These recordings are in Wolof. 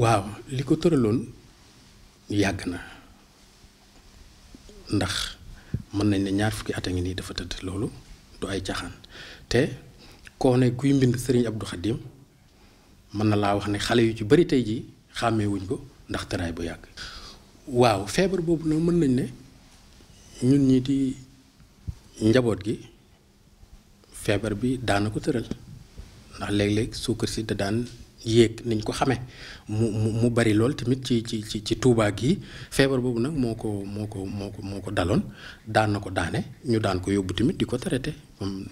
waaw li ko tëraloon yàgg na ndax mën nañ ne ñaar fukki at a ngi nii dafa tëdd loolu du ay caaxaan te koo ne kuy mbind sëriñ Abdou Khadim mën na laa wax ne xale yu ci bari tey jii xàmmewuñ ko ndax tëraay bu yàgg. waaw feebar boobu nag mën nañ ne ñun ñii di njaboot gi feebar bi daan ko tëral ndax léeg-léeg suukar si da daan. yéeg niñ ko xamee mu mu mu bari lool tamit ci ci ci ci Touba gi feebar boobu nag moo ko moo ko moo ko moo ko daloon daan na ko daane ñu daan ko yóbbu tamit di ko traité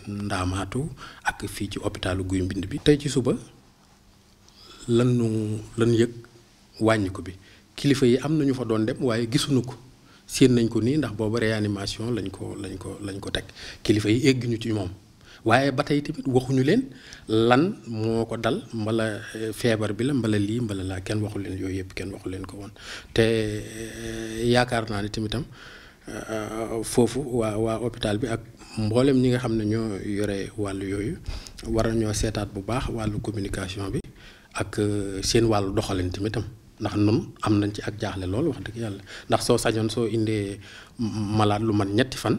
ndaamaatu ak fii ci hôpitalu guy mbind bi. tey ci suba lan nu yëg wàññi ko bi kilifa yi am na ñu fa doon dem waaye gisuñu ko séen nañ ko nii ndax booba réanimation lañ ko lañ ko lañ ko teg kilifa yi egg ñu ci moom. waaye ba tey tamit waxuñu leen lan moo ko dal mbala eh, feebar bi la mbala lii mbala laa kenn waxu leen yooyu yëpp kenn waxu leen ko woon te eh, yaakaar naa ne tamitam eh, foofu waa waa hôpital bi ak mbooleem ñi nga xam ne ñoo yore wàllu yooyu war seetaat bu baax wàllu communication bi ak seen wàllu doxalin tamitam ndax nun am nañ ci ak jaaxle lool wax dëgg yàlla ndax soo sañoon soo indee malaat lu man ñetti fan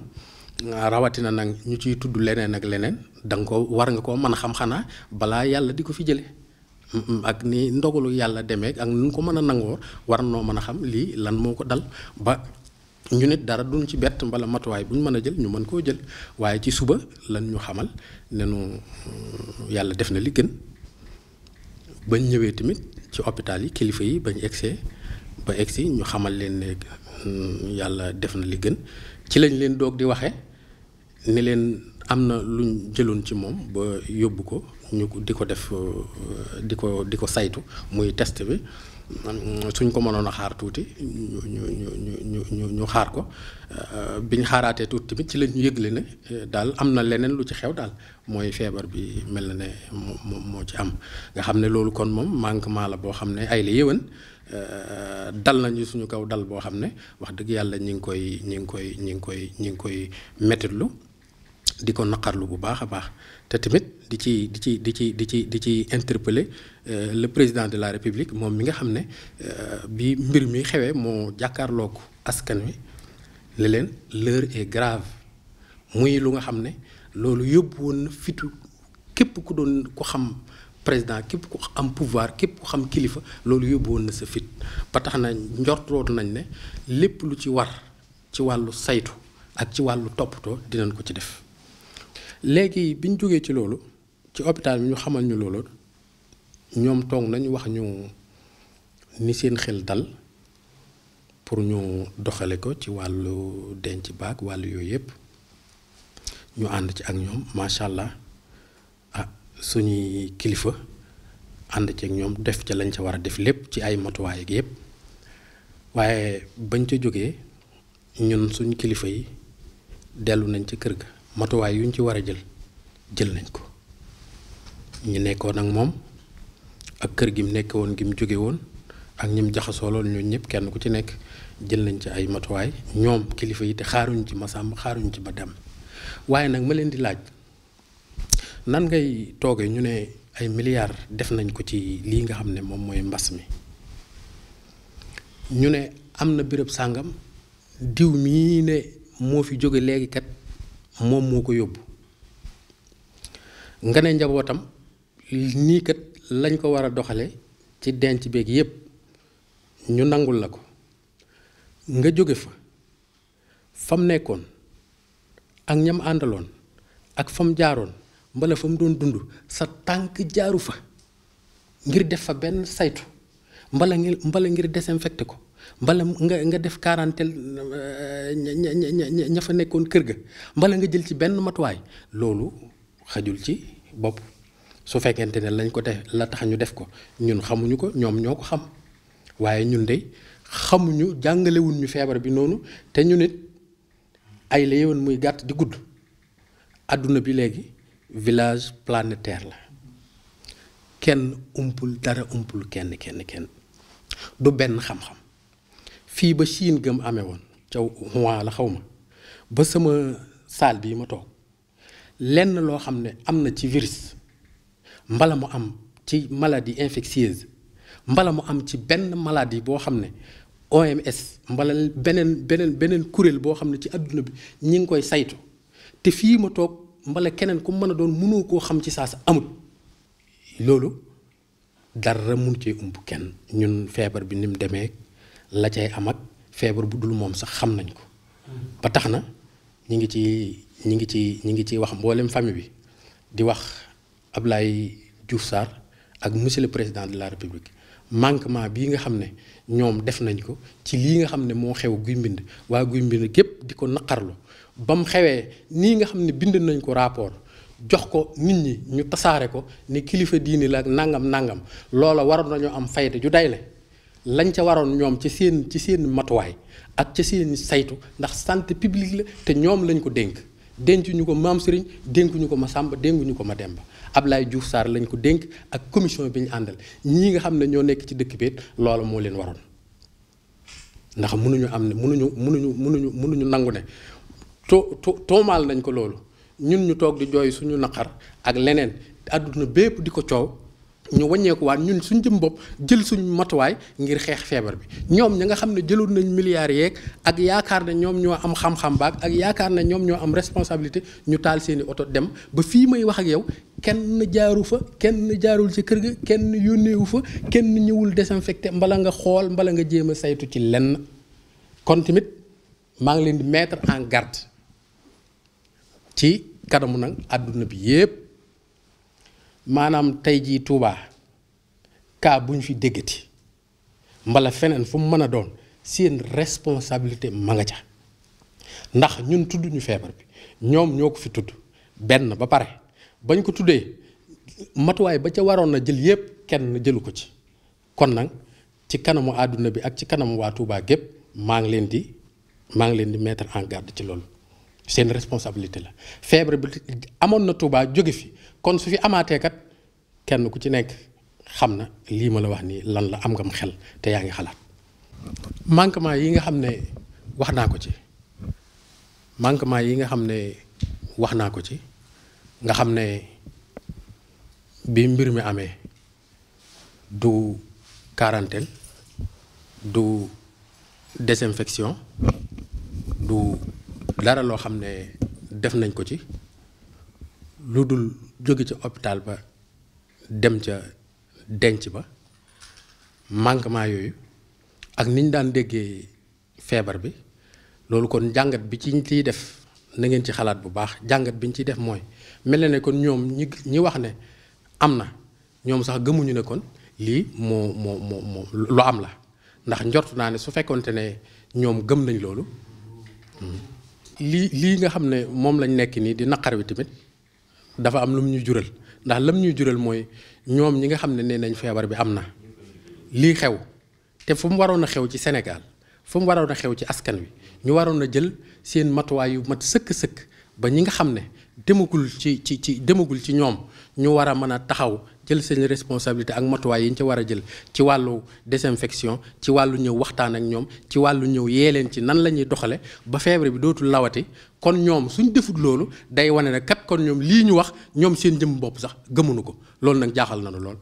rawatina nag ñu ciy tudd leneen ak leneen da nga ko war nga ko mën a xam xanaa balaa yàlla di ko fi jëlee ak ni ndogalu yàlla demee ak nu ko mën a nangoo war noo mën a xam lii lan moo ko dal ba ñu nit dara duñ ci bett mbala matuwaay bu ñu mën a jël ñu mën koo jël waaye ci suba lan ñu xamal ne nu mm, yàlla def na li gën bañ ñëwee tamit ci hôpital yi kilifa yi bañ egsee ba ñu xamal leen ne mm, yàlla def na li gën ci lañ leen doog di waxee. ni leen am na luñ jëloon ci moom ba yóbbu ko ñu di ko def euh, di ko di ko saytu muy test bi mm, suñ ko mënoon a xaar tuuti ñu ñu ñu ñu ñu ñu xaar ko euh, biñ xaaraatee tuuti tamit ci lañ yëgle ne euh, daal am na leneen lu ci xew daal mooy feebar bi mel na ne moo moo ci am nga xam ne loolu kon moom manquement la boo xam ne ay la yéwén dal nañu suñu kaw dal boo xam ne wax dëgg yàlla ñi ngi koy ñi ngi koy ñi ngi koy ñi ngi koy mettitlu di ko naqarlu bu baax a baax te tamit di ci di ci di ci di ci di ci interpeller euh, le président de la république moom mi nga xam ne euh, bi mbir mi xewee moo jàkkaarloo ko askan wi ne leen l'heure est grave muy lu nga xam ne loolu yóbbu woon na fitu képp ku doon ko xam président képp ku am pouvoir képp ku xam kilifa loolu yóbbu woon na sa fit ba tax na njortoon nañ ne lépp lu ci war ci wàllu saytu ak ci wàllu toppatoo dinañ ko ci def léegi bi ñu jógee ci loolu ci hôpital bi ñu xamal ñu loolu ñoom toog nañ wax ñu ni seen xel dal pour ñu doxale ko ci wàllu denc baag wàllu yooyu yëpp ñu ànd ci ak ñoom macha allah ah suñuy kilifa ànd ci ak ñoom def ca lañ ca war a def lépp ci ay matuwaay ak yëpp waaye bañ ca jógee ñun suñ kilifa yi dellu nañ ci kër ga. matuwaay yu ñu ci war a jël jël nañ ko ñu nekkoon ak moom ak kër gi mu nekk woon gi mu jóge woon ak ñi mu jaxasoo lool ñun ñëpp kenn ku ci nekk jël nañ ci ay matuwaay ñoom kilifa yi te xaaruñ ci masam xaaruñ ci ba dem waaye nag ma leen di laaj nan ngay tooge ñu ne ay milliards def nañ ko ci lii nga xam ne moom mooy mbas mi ñu ne am na béréb sàngam diw mii ne moo fi jóge léegi kat. moom moo ko yóbbu nga ne njabootam nii kat lañ ko war a doxale ci denc beeg yépp ñu nangul la ko nga jóge fa fam nekkoon ak ñam àndaloon ak fam jaaroon mbala fa mu doon dund sa tànk jaaru fa ngir def fa benn saytu mbala ngir mbala ngir désinfecté ko mbala nga nga def quarantaine euh, ña fa nekkoon kër ga mbala nga jël ci benn matuwaay loolu xajul ci bopp su fekkente ne lañ ko te la tax ñu def ko ñun xamuñu ko ñoom ñoo ko xam waaye ñun de xamuñu jàngalewuñ ñu feebar bi noonu te ñu nit ay la muy gàtt di gudd àdduna bi léegi village planetaire la kenn umpul dara umpul kenn kenn kenn du benn xam-xam fii ba Chine gëm amee woon ca Wuhan la xaw ma ba sama saal bii ma toog lenn loo xam ne am na ci virus mbala mu am ci maladie infectieuse mbala mu am ci benn maladie boo xam ne OMS mbala beneen beneen beneen kuréel boo xam ne ci àdduna bi ñi ngi koy saytu te fii ma toog mbala keneen ku mën a doon mënoo koo xam ci saa sa amut loolu dara mun cee umb kenn ñun feebar bi ni mu demee. la cay am ak feebar bu dul moom sax xam nañ ko ba tax na ñi ngi ci ñi ngi ci ñi ngi ci wax mboolem famille bi di wax ab Ablaye Diouf saar ak monsieur le président de la république manquement bii nga xam ne ñoom def nañ ko ci lii nga xam ne moo xew guy mbind waaye guy mbind gépp di ko naqarlu ba mu xewee nii nga xam ne bind nañ ko rapport jox ko nit ñi ñu tasaare ko ni kilifa diini la ak nangam nangam loola waroon nañu am fayda ju day le lañ ca waroon ñoom ci seen ci seen matuwaay ak ci seen saytu ndax santé publique la te ñoom lañ ko dénk dencuñu ko maam Serigne dénk ko ma Samba dénk ko ma Demba Ablaye Diouf saar lañ ko dénk ak commission bi ñu àndal ñii nga xam ne ñoo nekk ci dëkk bi loolu moo leen waroon ndax munuñu am ne mënuñu mënuñu mënuñu mënuñu nangu ne to to toomaal nañ ko loolu ñun ñu toog di jooy suñu naqar ak leneen àdduna bépp di ko coow. ñu wàññeekuwaat ñun suñ jëm bopp jël suñu matuwaay ngir xeex feebar bi ñoom ñi nga xam ne jëlul nañ milliards yeeg ak yaakaar ne ñoom ñoo am xam-xam baag ak yaakaar ne ñoom ñoo am responsabilité ñu taal seeni oto dem ba fii may wax ak yow kenn jaaru fa kenn jaarul ci kër gi kenn yónneewu fa kenn ñëwul désinfecté mbala nga xool mbala nga jéem a saytu ci lenn kon tamit maa ngi leen di mettre en garde ci kanamu nag àdduna bi yépp maanaam tey jii tuubaa kaa bu ñu fi déggati mbala feneen fu mu mën a doon seen responsabilité ma nga ca ndax ñun tudd ñu feebar bi ñoom ñoo ko fi tudd benn ba pare bañ ko tuddee matuwaay ba ca waroon na jël yépp kenn jëlu ko ci kon nag ci kanamu àdduna bi ak ci kanamu waa Touba gépp maa ngi leen di maa ngi leen di mettre en garde ci loolu seen responsabilité la feebar bi amoon na Touba jóge fi kon su fi amaatee kat kenn ku ci nekk xam na lii ma la wax nii lan la am ngam xel te yaa ngi xalaat manquement yi nga xam ne wax naa ko ci manquement yi nga xam ne wax naa ko ci nga xam ne bi mbir mi amee du quarantaine du désinfection du dara loo xam ne def nañ ko ci lu dul jóge ci hôpital ba dem ca denc ba manquement yooyu ak ni ñu daan déggee feebar bi loolu kon jàngat bi ci ñu ciy def na ngeen ci xalaat bu baax jàngat bi ñu ciy def mooy mel na ne kon ñoom ñi ñi wax ne am na ñoom sax gëmuñu ne kon lii moo moo moo lu am la ndax njort naa ne su fekkonte ne ñoom gëm nañ loolu lii lii nga xam ne moom lañ nekk nii di naqar wi tamit dafa am lu mu ñu jural ndax lam ñuy jural mooy ñoom ñi nga xam ne nee nañ feebar bi am na lii xew te fu mu waroon a xew ci Sénégal fu mu waroon a xew ci askan wi ñu waroon a jël seen matuwaay yu mat sëkk-sëkk ba ñi nga xam ne demagul ci ci ci demagul ci ñoom ñu war a mën a taxaw jël seen responsabilité ak matuwaay yi ñu ci war a jël ci wàllu désinfection ci wàllu ñëw waxtaan ak ñoom ci wàllu ñëw yee leen ci nan la ñuy doxale ba feebare bi dootul lawati kon ñoom suñu defut loolu day wane ne kat kon ñoom lii ñu wax ñoom seen jëm bopp sax gëmuñu ko loolu nag jaaxal nanu lool.